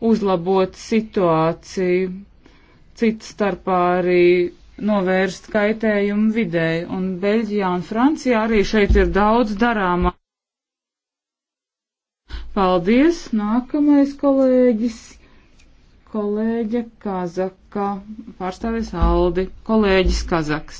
uzlabot situāciju, cits starpā arī novērst kaitējumu videi. Un Beļģijā un Francijā arī šeit ir daudz darāmā. Paldies! Nākamais kolēģis, kolēģe Kazaka, pārstāvis Aldi, kolēģis Kazaks.